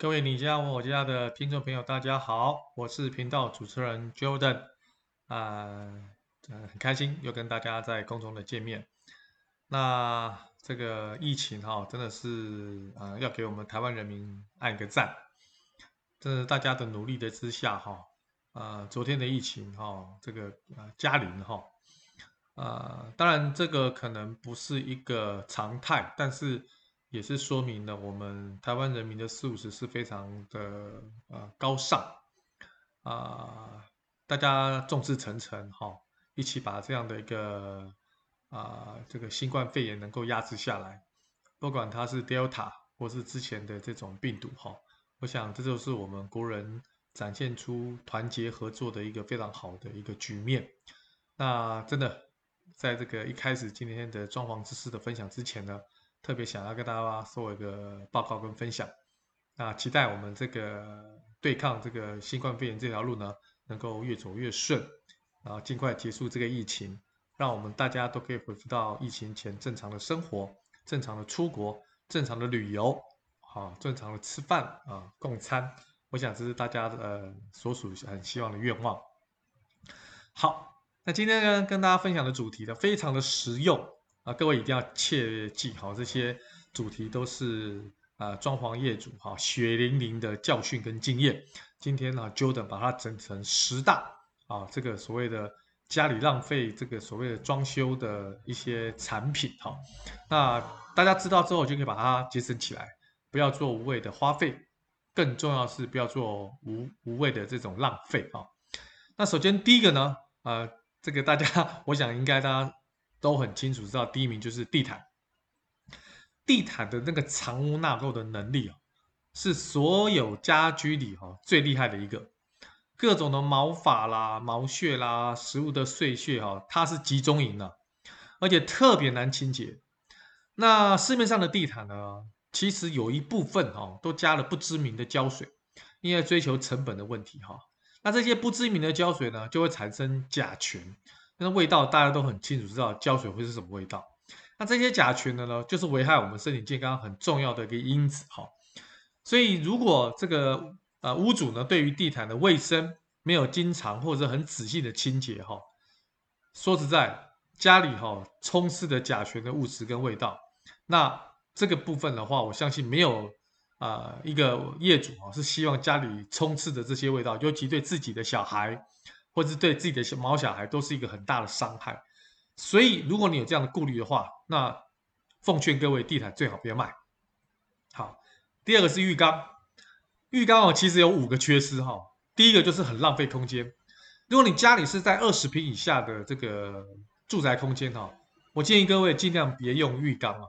各位你家我家的聽眾朋友，大家好，我是頻道主持人 Jordan，啊，嗯、呃，很開心又跟大家在空中的見面。那這個疫情哈、哦，真的是啊、呃，要給我們台灣人民按一個讚。這是大家的努力的之下哈，啊、呃，昨天的疫情哈，這個啊，嘉玲哈，啊，當然這個可能不是一個常態，但是。也是說明了我們台灣人民的素質是非常的呃高尚，啊、呃，大家眾志成城哈、哦，一起把這樣的一個啊、呃、這個新冠肺炎能夠壓制下來，不管它是 Delta 或是之前的這種病毒哈、哦，我想這就是我們國人展現出團結合作的一個非常好的一個局面。那真的在這個一開始今天的裝潢知識的分享之前呢。特別想要跟大家做一個報告跟分享，啊，期待我們這個對抗這個新冠肺炎這條路呢，能夠越走越順，然後盡快結束這個疫情，讓我們大家都可以恢復到疫情前正常的生活、正常的出國、正常的旅遊、啊，正常的吃飯啊、共餐。我想這是大家呃所屬很希望的願望。好，那今天呢跟大家分享的主題呢，非常的實用。啊，各位一定要切記好、哦、這些主題，都是啊、呃，裝潢業主哈、哦、血淋淋的教訓跟經驗。今天呢、啊、Jordan 把它整成十大啊、哦，這個所謂的家裡浪費這個所謂的裝修的一些產品哈、哦。那大家知道之後就可以把它節省起來，不要做無謂的花費。更重要的是不要做無無謂的這種浪費啊、哦。那首先第一個呢，啊、呃，這個大家我想應該大家。都很清楚，知道第一名就是地毯。地毯的那個藏污納垢的能力啊，是所有家居裡最厲害的一個。各種的毛髮啦、毛屑啦、食物的碎屑哈，它是集中營呢，而且特別難清潔。那市面上的地毯呢，其實有一部分都加了不知名的膠水，因為追求成本的問題哈。那這些不知名的膠水呢，就會產生甲醛。那味道大家都很清楚，知道膠水會是什麼味道。那這些甲醛的呢，就是危害我們身體健康很重要的一個因子。哈，所以如果這個呃屋主呢，對於地毯的衛生沒有經常或者很仔細的清潔，哈，說實在，家裡哈充斥的甲醛的物質跟味道，那這個部分的話，我相信沒有啊一個業主啊是希望家裡充斥着這些味道，尤其對自己的小孩，或是對自己的小毛小孩都是一個很大的傷害，所以如果你有這樣的顧慮的話，那奉勸各位地毯最好不要買。好，第二個是浴缸，浴缸其實有五個缺失。哈、哦。第一個就是很浪費空間，如果你家裡是在二十坪以下的這個住宅空間哈、哦，我建議各位盡量別用浴缸啊、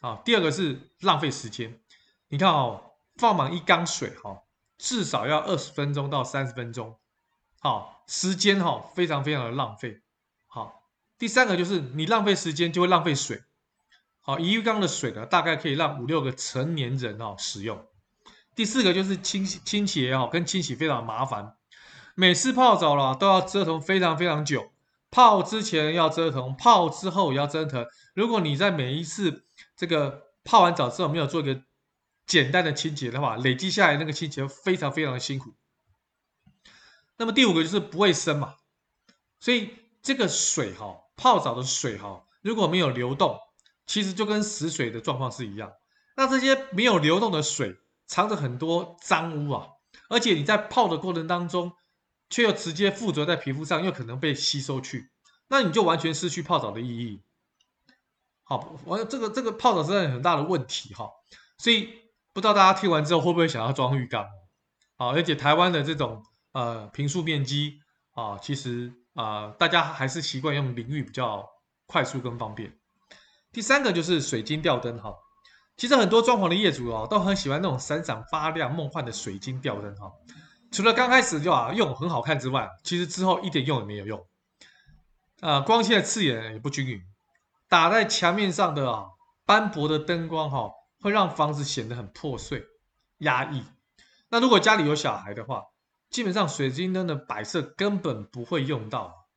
哦。第二個是浪費時間，你看哦，放滿一缸水哈、哦，至少要二十分鐘到三十分鐘，好。時間哈非常非常的浪費，好，第三個就是你浪費時間就會浪費水，好，浴缸的水呢，大概可以讓五六個成年人哦使用。第四個就是清洗清潔也好，跟清洗非常的麻煩，每次泡澡了都要折騰非常非常久，泡之前要折騰，泡之後也要折騰。如果你在每一次這個泡完澡之後沒有做一個簡單的清潔的話，累積下來那個清潔非常非常的辛苦。那麼第五個就是不衛生嘛，所以這個水哈、哦，泡澡的水哈、哦，如果沒有流動，其實就跟死水的狀況是一樣。那這些沒有流動的水，藏着很多髒污啊，而且你在泡的過程當中，卻又直接附着在皮膚上，又可能被吸收去，那你就完全失去泡澡的意義。好，我這個這個泡澡真的很大的問題哈、哦，所以不知道大家聽完之後會不會想要裝浴缸？好，而且台灣的這種。呃，坪數面積啊，其實啊、呃，大家還是習慣用淋浴比較快速跟方便。第三個就是水晶吊燈哈，其實很多裝潢的業主哦、啊，都很喜歡那種閃閃發亮、夢幻的水晶吊燈哈。除了剛開始就啊用很好看之外，其實之後一點用也沒有用。啊、呃，光線刺眼也不均勻，打在牆面上的啊斑駁的燈光哈、啊，會讓房子顯得很破碎、壓抑。那如果家裡有小孩的話，基本上水晶燈的擺設根本不會用到，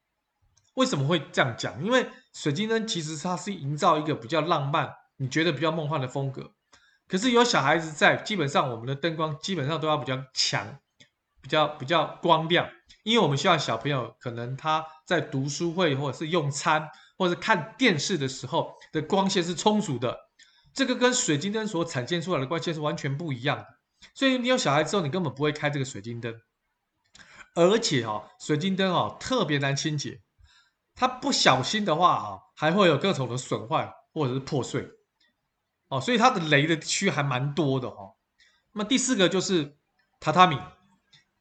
為什麼會這樣講？因為水晶燈其實它是營造一個比較浪漫、你覺得比較夢幻的風格。可是有小孩子在，基本上我們的燈光基本上都要比較強、比較比較光亮，因為我們希望小朋友可能他在讀書會或者是用餐或者是看電視的時候的光線是充足的。這個跟水晶燈所產生出來的光線是完全不一樣的。所以你有小孩之後，你根本不會開這個水晶燈。而且哈，水晶燈哈特別難清潔，它不小心的話哈，還會有各種的損壞或者是破碎哦，所以它的雷的區還蠻多的哈。那麼第四個就是榻榻米，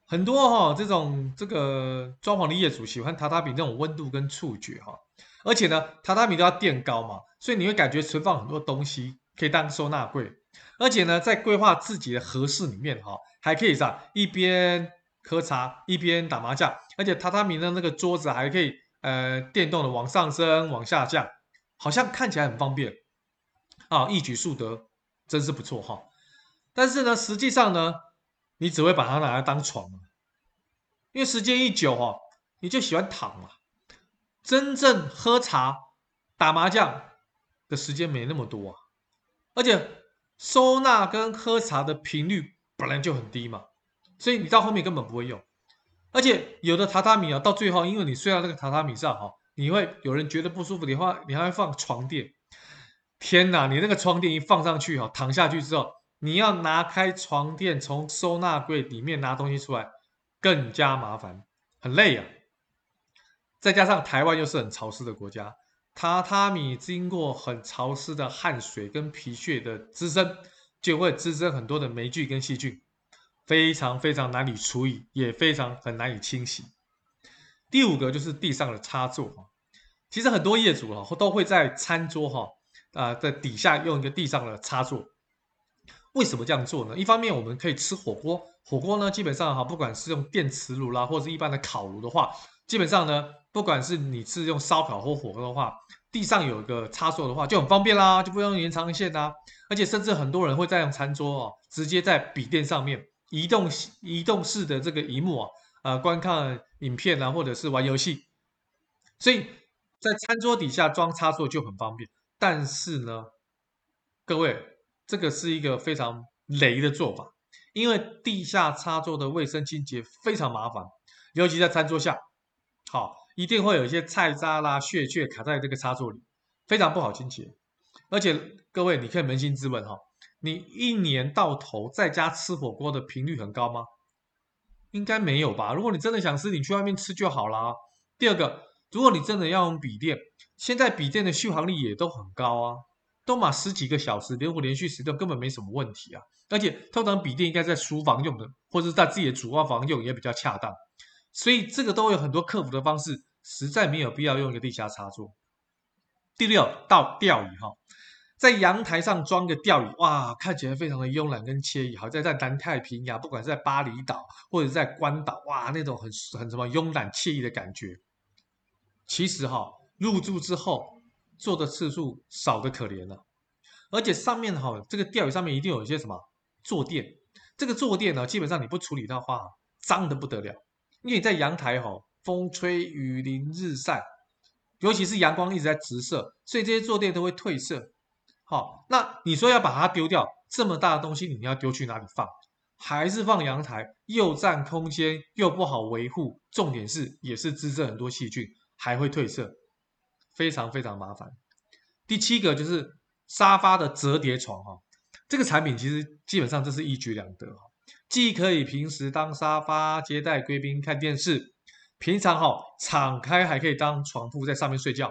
很多哈這種這個裝潢的業主喜歡榻榻米這種溫度跟觸覺哈，而且呢，榻榻米都要墊高嘛，所以你會感覺存放很多東西可以當收納櫃，而且呢，在規劃自己的和室裡面哈，還可以在一邊。喝茶一邊打麻將，而且榻榻米的那個桌子還可以，呃，電動的往上升往下降，好像看起來很方便，啊，一舉數得，真是不錯哈、哦。但是呢，實際上呢，你只會把它拿來當床，因為時間一久啊、哦，你就喜歡躺嘛。真正喝茶打麻將的時間沒那麼多啊，而且收納跟喝茶的頻率本來就很低嘛。所以你到後面根本不會用，而且有的榻榻米啊，到最後因為你睡到那個榻榻米上哈，你會有人覺得不舒服的話，你還會放床墊。天哪，你那個床墊一放上去哈，躺下去之後，你要拿開床墊，從收納櫃裡面拿東西出來，更加麻煩，很累啊。再加上台灣又是很潮濕的國家，榻榻米經過很潮濕的汗水跟皮屑的滋生，就會滋生很多的黴菌跟細菌。非常非常難以處理，也非常很難以清洗。第五個就是地上的插座，其實很多業主哈、啊、都會在餐桌哈啊、呃、在底下用一個地上的插座。為什麼這樣做呢？一方面我們可以吃火鍋，火鍋呢基本上哈、啊、不管是用電磁爐啦，或者是一般的烤爐的話，基本上呢不管是你是用燒烤或火鍋的話，地上有一個插座的話就很方便啦，就不用延長線啦。而且甚至很多人會在用餐桌哦、啊，直接在筆電上面。移動移動式的這個熒幕啊，啊、呃，觀看影片啊，或者是玩遊戲，所以在餐桌底下裝插座就很方便。但是呢，各位，這個是一個非常雷的做法，因為地下插座的衛生清潔非常麻煩，尤其在餐桌下，好，一定會有一些菜渣啦、屑屑卡在這個插座裡，非常不好清潔。而且，各位，你可以捫心自問哈、哦。你一年到頭在家吃火鍋的頻率很高嗎？應該沒有吧。如果你真的想吃，你去外面吃就好啦。第二個，如果你真的要用筆電，現在筆電的續航力也都很高啊，都嘛十幾個小時，連火連續使用根本沒什麼問題啊。而且通常筆電應該在書房用的，或者是在自己的主臥房用也比較恰當。所以這個都有很多克服的方式，實在沒有必要用一個地下插座。第六，到吊椅哈。在陽臺上裝個吊椅，哇，看起來非常的慵懶跟愜意，好像在，在南太平洋，啊，不管是在巴厘島或者在關島，哇，那種很很什麼慵懶愜意的感覺。其實哈、哦，入住之後坐的次數少的可憐了，啊，而且上面哈、哦，這個吊椅上面一定有一些什麼坐墊，這個坐墊呢，哦，基本上你不處理的話，髒的不得了，因為在陽臺哈、哦，風吹雨淋日曬，尤其是陽光一直在直射，所以這些坐墊都會褪色。好、哦，那你說要把它丟掉，這麼大的東西，你要丟去哪裡放？還是放陽台？又占空間，又不好維護。重點是，也是滋生很多細菌，還會褪色，非常非常麻煩。第七個就是沙發的折疊床哈、哦，這個產品其實基本上這是一舉兩得、哦、既可以平時當沙發接待貴賓看電視，平常哈、哦、敞開還可以當床鋪在上面睡覺，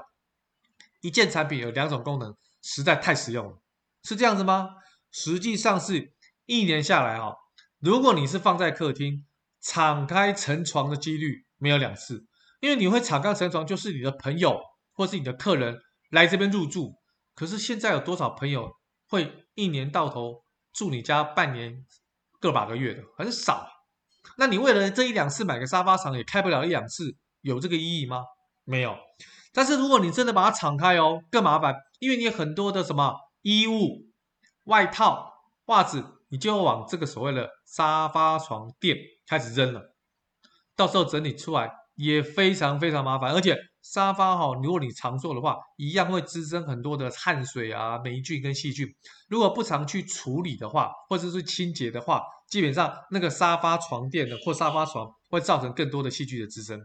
一件產品有兩種功能。實在太實用了，是這樣子嗎？實際上是一年下來啊、哦，如果你是放在客廳，敞開成床的幾率沒有兩次，因為你會敞開成床，就是你的朋友或是你的客人來這邊入住。可是現在有多少朋友會一年到頭住你家半年，個把個月的很少。那你為了這一兩次買個沙發床也開不了一兩次，有這個意義嗎？沒有。但是如果你真的把它敞開哦，更麻煩。因為你有很多的什麼衣物、外套、襪子，你就往這個所謂的沙發床墊開始扔了。到時候整理出來也非常非常麻煩，而且沙發哈，如果你常坐的話，一樣會滋生很多的汗水啊、黴菌跟細菌。如果不常去處理的話，或者是清潔的話，基本上那個沙發床墊的或沙發床會造成更多的細菌的滋生。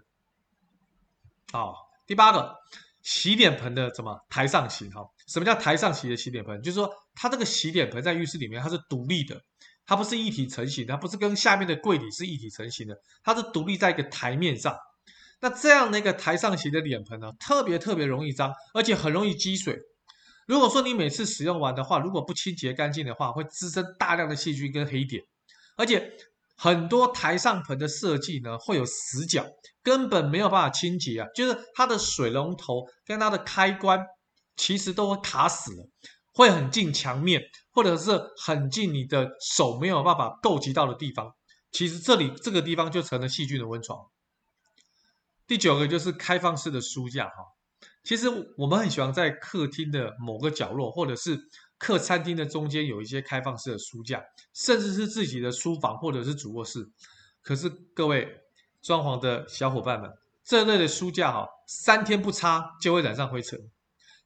好，第八個。洗臉盆的什麼台上型？哈，什麼叫台上型的洗臉盆？就是說，它這個洗臉盆在浴室裡面它是獨立的，它不是一體成型的，它不是跟下面的櫃底是一體成型的，它是獨立在一個台面上。那這樣的一個台上型的臉盆呢，特別特別容易髒，而且很容易積水。如果說你每次使用完的話，如果不清潔乾淨的話，會滋生大量的細菌跟黑點，而且。很多台上盆的設計呢，會有死角，根本沒有辦法清潔啊。就是它的水龍頭跟它的開關，其實都會卡死了，會很近牆面，或者是很近你的手沒有辦法夠及到的地方。其實這裡這個地方就成了細菌的溫床。第九個就是開放式的書架哈。其實我們很喜歡在客廳的某個角落，或者是。客餐廳的中間有一些開放式的書架，甚至是自己的書房或者是主臥室。可是各位裝潢的小伙伴們，這類的書架哈，三天不擦就會染上灰塵。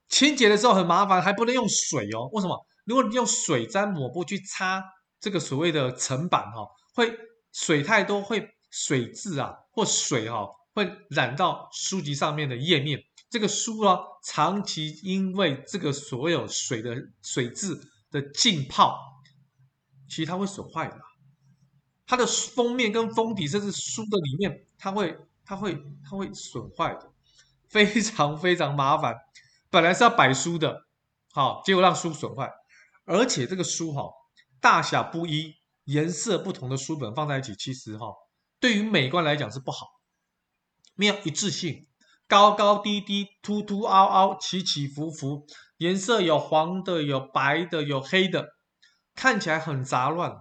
清潔的時候很麻煩，還不能用水哦。為什麼？如果你用水沾抹布去擦這個所謂的層板哈，會水太多，會水漬啊，或水哈會染到書籍上面的頁面。這個書啊，長期因為這個所有水的水質的浸泡，其實它會損壞的、啊。它的封面跟封底，甚至書的裡面，它會、它會、它會損壞的，非常非常麻煩。本來是要擺書的，好，結果讓書損壞，而且這個書哈、哦，大小不一、顏色不同的書本放在一起，其實哈、哦，對於美觀來講是不好，沒有一致性。高高低低、凸凸凹凹、起起伏伏，顏色有黃的、有白的、有黑的，看起來很雜亂，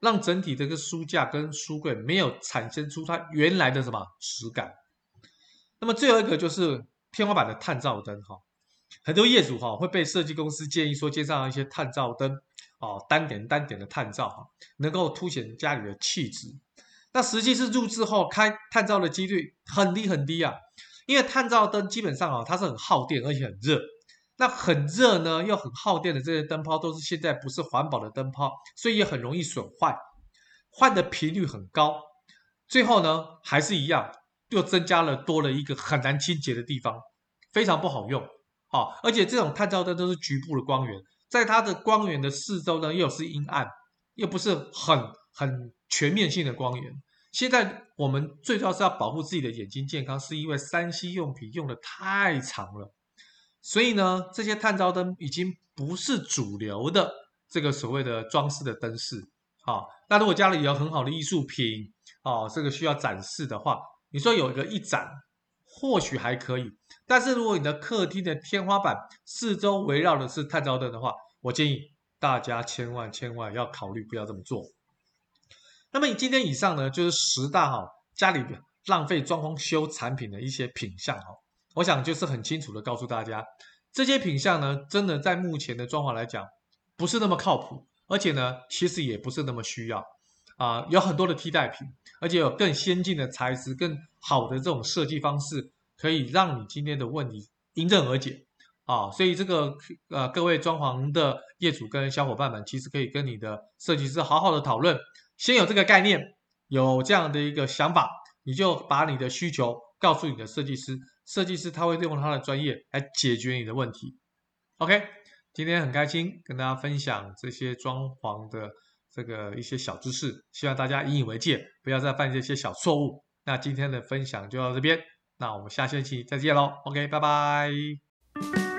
讓整體這個書架跟書櫃沒有產生出它原來的什麼實感。那麼最後一個就是天花板的探照燈，哈，很多業主哈會被設計公司建議說接上一些探照燈，哦，單點單點的探照，哈，能夠凸顯家裡的氣質。那實際是入住後開探照的幾率很低很低啊。因為探照燈基本上啊，它是很耗電，而且很熱。那很熱呢，又很耗電的這些燈泡，都是現在不是環保的燈泡，所以也很容易損壞，換的頻率很高。最後呢，還是一樣，又增加了多了一個很難清潔的地方，非常不好用啊。哦，而且這種探照燈都是局部的光源，在它的光源的四周呢，又是陰暗，又不是很很全面性的光源。現在我們最主要是要保護自己的眼睛健康，是因為三 C 用品用的太長了，所以呢，這些探照燈已經不是主流的這個所謂的裝飾的燈飾。好、哦，那如果家裡有很好的藝術品，哦，這個需要展示的話，你說有一個一盞或許還可以，但是如果你的客廳的天花板四周圍繞的是探照燈的話，我建議大家千萬千萬要考慮不要這麼做。那麼今天以上呢，就是十大哈、哦、家裡浪費裝修產品的一些品項哈、哦。我想就是很清楚的告訴大家，這些品項呢，真的在目前的裝潢來講，不是那麼靠譜，而且呢，其實也不是那麼需要啊、呃。有很多的替代品，而且有更先進的材質、更好的這種設計方式，可以讓你今天的問題迎刃而解啊、哦。所以這個呃，各位裝潢的業主跟小夥伴們，其實可以跟你的設計師好好的討論。先有這個概念，有這樣的一個想法，你就把你的需求告訴你的設計師，設計師他會利用他的專業來解決你的問題。OK，今天很開心跟大家分享這些裝潢的這個一些小知識，希望大家引以為戒，不要再犯這些小錯誤。那今天的分享就到這邊，那我們下星期再見嘍。OK，拜拜。